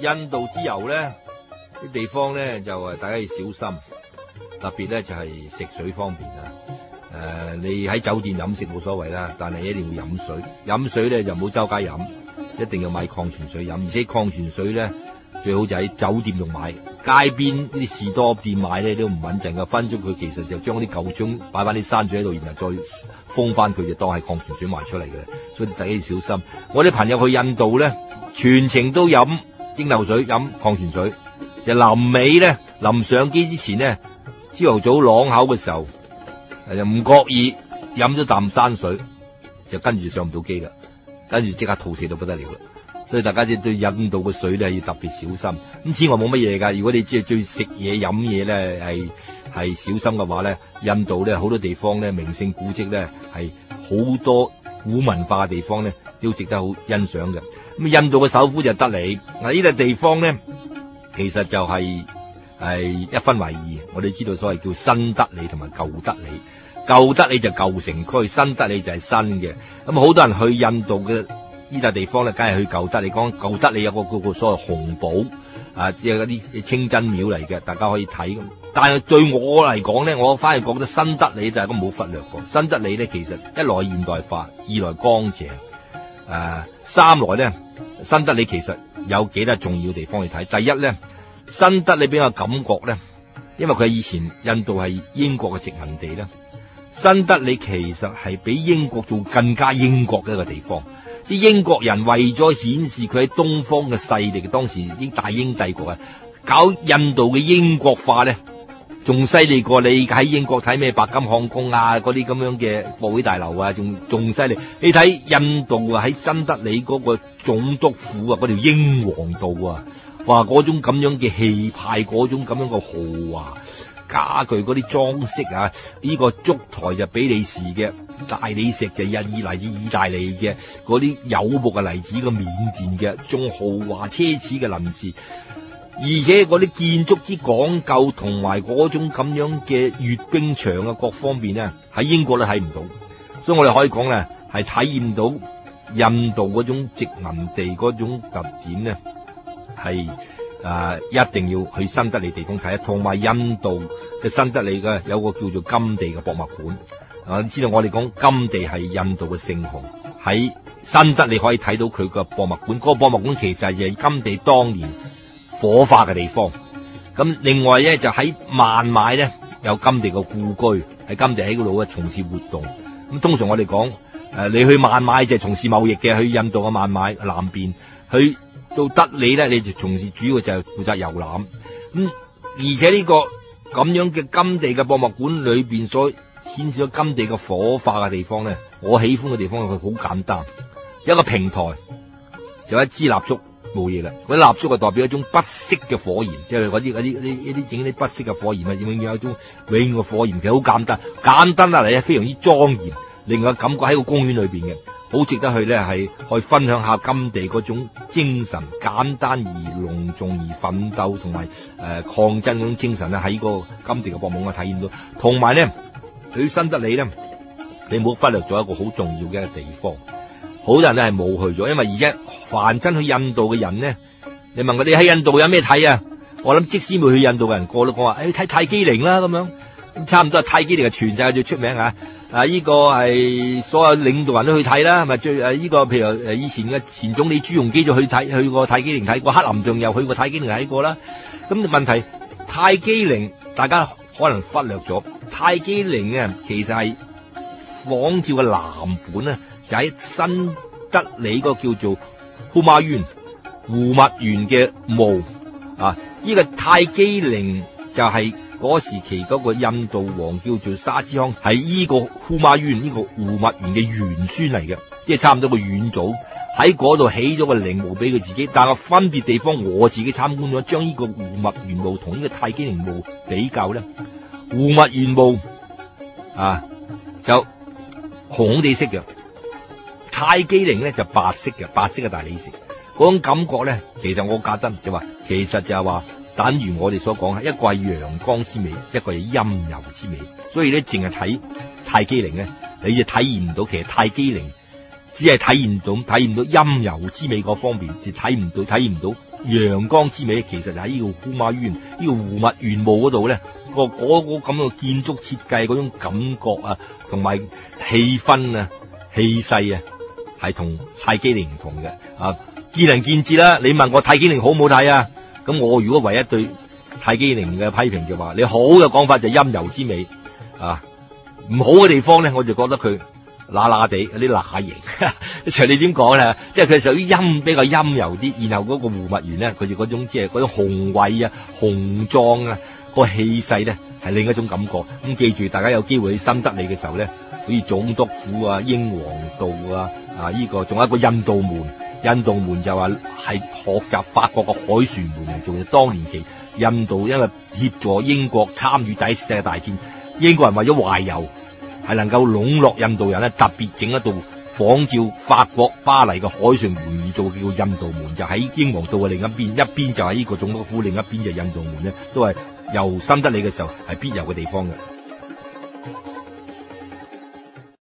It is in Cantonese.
印度之遊咧，啲地方咧就係大家要小心，特別咧就係、是、食水方面啊！誒、呃，你喺酒店飲食冇所謂啦，但係一定要飲水，飲水咧就唔好周街飲，一定要買礦泉水飲，而且礦泉水咧。最好就喺酒店度買，街邊啲士多店買咧都唔穩陣嘅。分鐘佢其實就將啲舊樽擺翻啲山水喺度，然後再封翻佢，就當係礦泉水賣出嚟嘅。所以大家要小心。我啲朋友去印度咧，全程都飲蒸餾水，飲礦泉水，就臨尾咧，臨上機之前呢，朝頭早朗口嘅時候，就唔覺意飲咗啖山水，就跟住上唔到機啦，跟住即刻吐死到不得了啦。所以大家即係對印度嘅水咧要特別小心。咁此外冇乜嘢噶。如果你即係鍾意食嘢飲嘢咧，係係小心嘅話咧，印度咧好多地方咧名勝古蹟咧係好多古文化嘅地方咧都值得好欣賞嘅。咁印度嘅首府就係德里。嗱，呢個地方咧其實就係係一分為二。我哋知道所謂叫新德里同埋舊德里。舊德里就舊城區，新德里就係新嘅。咁好多人去印度嘅。呢笪地方咧，梗係去舊德里。你講舊德里有個所謂紅堡啊，即係啲清真廟嚟嘅，大家可以睇。但係對我嚟講咧，我反而覺得新德里就係都冇忽略過。新德里咧，其實一來現代化，二來乾淨，誒、啊，三來咧，新德里其實有幾多重要地方去睇。第一咧，新德里俾我感覺咧，因為佢以前印度係英國嘅殖民地呢，新德里其實係比英國做更加英國嘅一個地方。啲英國人為咗顯示佢喺東方嘅勢力，當時啲大英帝國啊，搞印度嘅英國化咧，仲犀利過你喺英國睇咩白金漢宮啊，嗰啲咁樣嘅國會大樓啊，仲仲犀利。你睇印度啊喺新德里嗰個總督府啊，嗰條英皇道啊，哇，嗰種咁樣嘅氣派，嗰種咁樣嘅豪華。家具嗰啲裝飾啊，呢、這個燭台就是比利時嘅大理石，就印以嚟自意大利嘅，嗰啲柚木嘅嚟自個緬甸嘅，仲豪華奢侈嘅臨時，而且嗰啲建築之講究，同埋嗰種咁樣嘅閱兵場啊，各方面啊喺英國都睇唔到，所以我哋可以講咧係體驗到印度嗰種殖民地嗰種特點咧係。是啊！一定要去新德里地方睇，同埋印度嘅新德里嘅有個叫做金地嘅博物館。啊、知道我哋講金地係印度嘅聖雄，喺新德里可以睇到佢嘅博物館。嗰、嗰個博物館其實係係金地當年火化嘅地方。咁另外咧就喺孟買咧有金地嘅故居，喺金地喺嗰度嘅從事活動。咁通常我哋講誒，你去孟買就係從事貿易嘅，去印度嘅孟買南邊去。到德里咧，你就從事主要就係負責遊覽。咁、嗯、而且呢、這個咁樣嘅甘地嘅博物館裏邊所顯示咗甘地嘅火化嘅地方咧，我喜歡嘅地方佢好簡單，一個平台，就一支蠟燭，冇嘢啦。嗰啲蠟燭啊，代表一種不熄嘅火焰，即係嗰啲嗰啲一啲整啲不熄嘅火焰啊，永遠有一種永遠嘅火焰，其實好簡單，簡單得嚟啊，非常之莊嚴。另外感覺喺個公園裏邊嘅好值得去咧，係可以分享一下甘地嗰種精神，簡單而隆重而奮鬥同埋誒抗爭嗰種精神咧，喺個甘地嘅博物館我體驗到。同埋咧，去新德里咧，你冇忽略咗一個好重要嘅地方。好多人都係冇去咗，因為而家反正去印度嘅人咧，你問佢你喺印度有咩睇啊？我諗即使冇去印度嘅人過都講話，誒、哎、睇泰姬陵啦咁樣。差唔多泰姬陵係全世界最出名啊！啊、呢、這個係所有領導人都去睇啦，係咪最啊、呢、這個譬如誒，以前嘅前總理朱鎔基就去睇，去過泰姬陵睇過，克林頓仲又去過泰姬陵睇過啦。咁問題泰姬陵大家可能忽略咗，泰姬陵啊其實係仿照個藍本啊，就喺、是、新德里個叫做馬胡馬園胡馬園嘅墓啊，呢、這個泰姬陵就係、是。嗰時期嗰個印度王叫做沙之康，係呢個呼馬苑呢個胡默元嘅元孫嚟嘅，即係差唔多個遠祖喺嗰度起咗個陵墓俾佢自己。但係分別地方，我自己參觀咗，將呢個胡默元墓同呢個泰姬陵墓比較咧，胡默元墓啊就紅地色嘅，泰姬陵咧就白色嘅，白色嘅大理石，嗰種感覺咧，其實我覺得就話，其實就係話。等如我哋所講，一個係陽光之美，一個係陰柔之美。所以咧，淨係睇泰姬陵咧，你就體驗唔到。其實太基泰姬陵只係體驗到、體驗到陰柔之美嗰方面，就睇唔到、體驗唔到陽光之美。其實就喺呢個 Humayun、呢、呢個胡默元墓嗰度咧，嗰個嗰、嗰個咁嘅建築設計嗰種感覺啊，同埋氣氛啊、氣勢啊，係同泰姬陵唔同嘅。啊，見仁見智啦、啊。你問我泰姬陵好唔好睇啊？咁我如果唯一對泰姬陵嘅批評就話，你好嘅講法就陰柔之美啊，唔好嘅地方咧，我就覺得佢乸乸地有啲乸型，隨你點講啦，即係佢屬於陰比較陰柔啲，然後嗰個胡默元咧，佢就嗰種即係嗰種雄偉啊、雄壯啊，個氣勢咧係另一種感覺。咁記住，大家有機會去新德里嘅時候咧，好似總督府啊、英皇道啊、啊呢個，仲有一個印度門。印度門就話係學習法國嘅海船門嚟做嘅，當年期印度因為協助英國參與第一次世界大戰，英國人為咗懷柔係能夠籠絡印度人咧，特別整一度仿照法國巴黎嘅海船門而做，叫做印度門，就喺、是、英皇道嘅另一邊，一邊就係呢個總督府，另一邊就印度門咧，都係遊新德里嘅時候係必遊嘅地方嘅。